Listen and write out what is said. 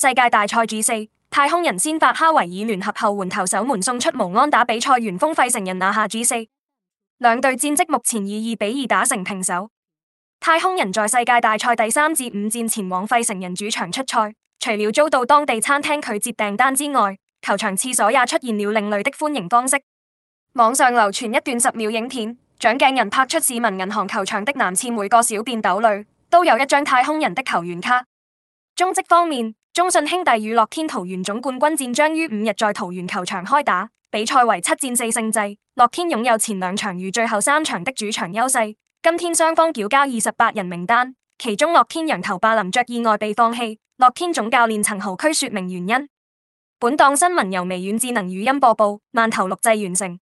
世界大賽 G4 太空人先發哈維爾聯合後援投手們送出無安打比賽，完封費城人拿下 G4。兩隊戰績目前以二比二打成平手。太空人在世界大賽第三至五戰前往費城人主場出賽，除了遭到當地餐廳拒接訂單之外，球場廁所也出現了另類的歡迎方式。網上流傳一段十秒影片，掌鏡人拍出市民銀行球場的男廁每個小便斗裏都有一張太空人的球員卡。中職方面。中信兄弟與樂天桃園總冠軍戰將於五日在桃園球場開打，比賽為七戰四勝制。樂天擁有前兩場與最後三場的主場優勢。今天雙方繳交二十八人名單，其中樂天洋投霸林着意外被放棄。樂天總教練曾豪駒說明原因。本檔新聞由微軟智能語音播報，慢投錄製完成。